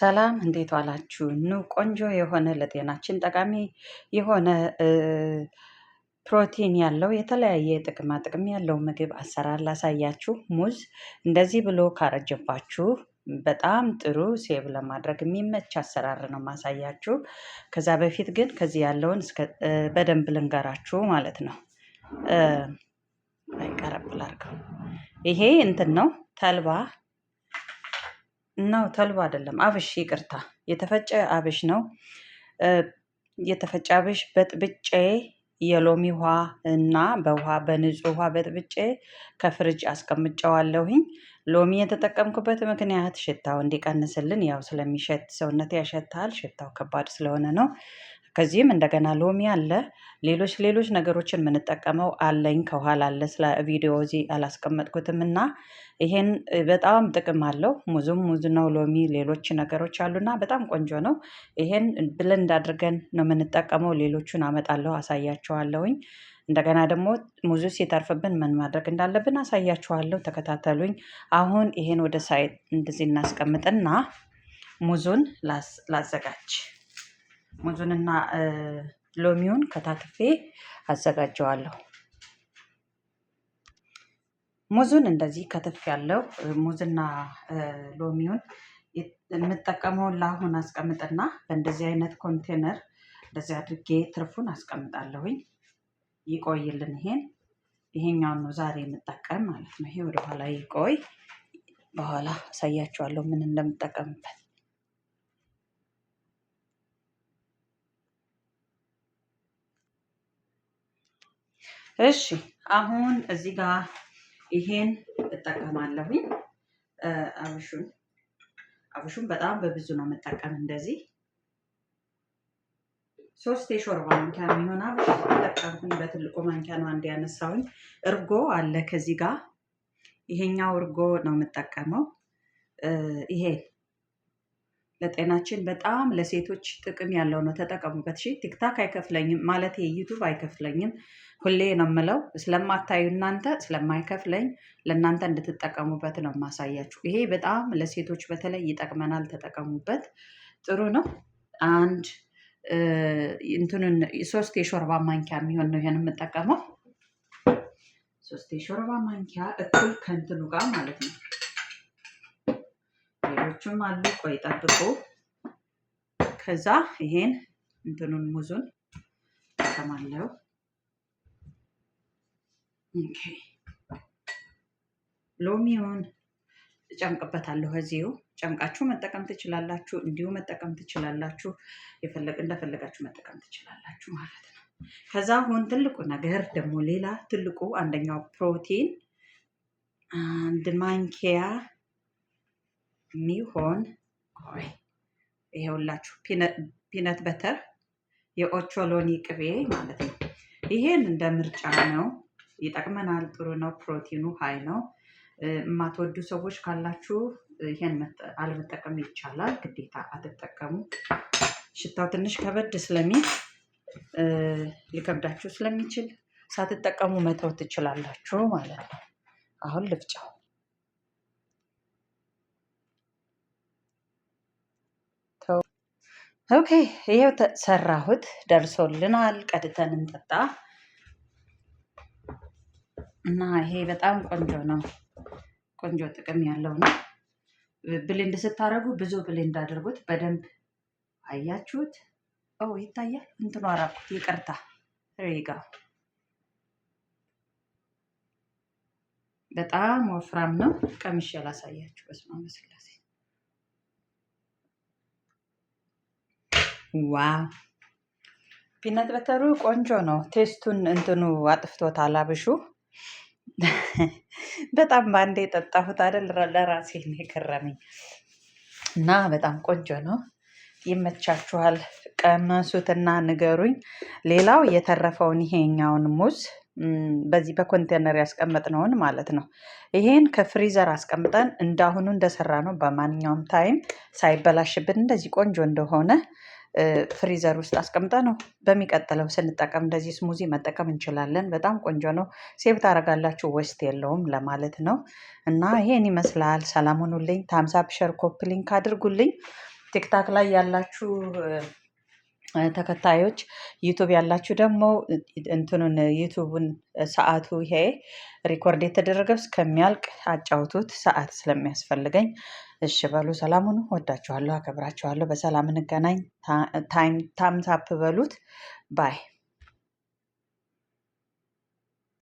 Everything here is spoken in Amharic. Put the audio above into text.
ሰላም እንዴት ዋላችሁ? ኑ ቆንጆ የሆነ ለጤናችን ጠቃሚ የሆነ ፕሮቲን ያለው የተለያየ ጥቅማ ጥቅም ያለው ምግብ አሰራር ላሳያችሁ። ሙዝ እንደዚህ ብሎ ካረጀባችሁ በጣም ጥሩ ሴብ ለማድረግ የሚመች አሰራር ነው ማሳያችሁ። ከዛ በፊት ግን ከዚህ ያለውን በደንብ ልንገራችሁ ማለት ነው። አይቀረብ ይሄ እንትን ነው ተልባ ነው ተልባ አይደለም፣ አብሽ ይቅርታ፣ የተፈጨ አብሽ ነው። የተፈጨ አብሽ በጥብጬ የሎሚ ውሃ እና በውሃ በንጹህ ውሃ በጥብጬ ከፍርጅ አስቀምጨዋለሁኝ። ሎሚ የተጠቀምኩበት ምክንያት ሽታው እንዲቀንስልን፣ ያው ስለሚሸት ሰውነት ያሸታል። ሽታው ከባድ ስለሆነ ነው። ከዚህም እንደገና ሎሚ አለ። ሌሎች ሌሎች ነገሮችን የምንጠቀመው አለኝ ከኋላ አለ። ስለ ቪዲዮ እዚህ አላስቀመጥኩትም እና ይሄን በጣም ጥቅም አለው። ሙዙም ሙዝ ነው፣ ሎሚ፣ ሌሎች ነገሮች አሉና በጣም ቆንጆ ነው። ይሄን ብለንድ አድርገን ነው የምንጠቀመው። ሌሎቹን አመጣለሁ፣ አሳያቸዋለሁኝ። እንደገና ደግሞ ሙዙ ሲተርፍብን ምን ማድረግ እንዳለብን አሳያችኋለሁ። ተከታተሉኝ። አሁን ይሄን ወደ ሳይድ እንደዚህ እናስቀምጥና ሙዙን ላዘጋጅ። ሙዙንና ሎሚውን ከታትፌ አዘጋጀዋለሁ። ሙዙን እንደዚህ ከትፍ ያለው ሙዝና ሎሚውን የምጠቀመውን ለአሁን አስቀምጥና በእንደዚህ አይነት ኮንቴነር እንደዚህ አድርጌ ትርፉን አስቀምጣለሁኝ። ይቆይልን። ይሄን ይሄኛውን ነው ዛሬ የምጠቀም ማለት ነው። ይሄ ወደኋላ ይቆይ፣ በኋላ አሳያችኋለሁ ምን እንደምጠቀምበት። እሺ አሁን እዚህ ጋር ይሄን እጠቀማለሁኝ። አብሹን አብሹን በጣም በብዙ ነው የምጠቀም። እንደዚህ ሶስት የሾርባ ማንኪያ የሚሆን አብሽ ተጠቀምኩኝ። በትልቁ ማንኪያ ነው አንድ ያነሳሁኝ። እርጎ አለ ከዚህ ጋር ይሄኛው እርጎ ነው የምጠቀመው። ይሄ ለጤናችን በጣም ለሴቶች ጥቅም ያለው ነው። ተጠቀሙበት። እሺ ቲክታክ አይከፍለኝም ማለት ዩቱብ አይከፍለኝም። ሁሌ ነው የምለው ስለማታዩ እናንተ ስለማይከፍለኝ ለእናንተ እንድትጠቀሙበት ነው የማሳያችሁ። ይሄ በጣም ለሴቶች በተለይ ይጠቅመናል። ተጠቀሙበት። ጥሩ ነው። አንድ እንትንን ሶስት የሾርባ ማንኪያ የሚሆን ነው ይሄን የምጠቀመው ሶስት የሾርባ ማንኪያ እኩል ከእንትኑ ጋር ማለት ነው ያልቻለችም አሉ። ቆይ ጠብቁ። ከዛ ይሄን እንትኑን ሙዙን ተማለው ሎሚውን ጨምቅበታለሁ። እዚሁ ጨምቃችሁ መጠቀም ትችላላችሁ፣ እንዲሁ መጠቀም ትችላላችሁ። የፈለግ እንደፈለጋችሁ መጠቀም ትችላላችሁ ማለት ነው። ከዛ አሁን ትልቁ ነገር ደግሞ ሌላ ትልቁ አንደኛው ፕሮቲን አንድ ማንኪያ የሚሆን ይሄውላችሁ ፒነት በተር የኦቾሎኒ ቅቤ ማለት ነው። ይሄን እንደ ምርጫ ነው፣ ይጠቅመናል። ጥሩ ነው፣ ፕሮቲኑ ሀይ ነው። የማትወዱ ሰዎች ካላችሁ ይሄን አለመጠቀም ይቻላል። ግዴታ አትጠቀሙ። ሽታው ትንሽ ከበድ ስለሚል ሊከብዳችሁ ስለሚችል ሳትጠቀሙ መተው ትችላላችሁ ማለት ነው። አሁን ልፍጫው ኦኬ ይሄው ሰራሁት፣ ደርሶልናል። ቀድተን እንጠጣ እና ይሄ በጣም ቆንጆ ነው። ቆንጆ ጥቅም ያለው ነው። ብሌንድ ስታደርጉ ብዙ ብሌንድ አድርጉት በደንብ አያችሁት? ው ይታያል። እንትኑ አራኩት፣ ይቅርታ ሬጋ በጣም ወፍራም ነው። ቀምሼ ላሳያችሁ። በስመ አብ ወስላሴ ዋው ፒነት በተሩ ቆንጆ ነው። ቴስቱን እንትኑ አጥፍቶታል። አላብሹ በጣም በአንዴ የጠጣሁት አይደል ለራሴ የከረመኝ እና በጣም ቆንጆ ነው። ይመቻችኋል። ቀመሱትና ንገሩኝ። ሌላው የተረፈውን ይሄኛውን ሙዝ በዚህ በኮንቴነር ያስቀመጥነውን ማለት ነው። ይሄን ከፍሪዘር አስቀምጠን እንዳሁኑ እንደሰራ ነው በማንኛውም ታይም ሳይበላሽብን እንደዚህ ቆንጆ እንደሆነ ፍሪዘር ውስጥ አስቀምጠ ነው በሚቀጥለው ስንጠቀም እንደዚህ ስሙዚ መጠቀም እንችላለን። በጣም ቆንጆ ነው። ሴብ ታደርጋላችሁ፣ ወስት የለውም ለማለት ነው እና ይሄን ይመስላል። ሰላም ሁኑልኝ። ታምሳፕ ሸር ሊንክ አድርጉልኝ። ቲክታክ ላይ ያላችሁ ተከታዮች ዩቱብ ያላችሁ ደግሞ እንትኑን ዩቱቡን ሰዓቱ ይሄ ሪኮርድ የተደረገው እስከሚያልቅ አጫውቱት። ሰዓት ስለሚያስፈልገኝ እሺ በሉ። ሰላሙን ወዳችኋለሁ፣ አከብራችኋለሁ። በሰላም እንገናኝ። ታይም ታምታፕ በሉት ባይ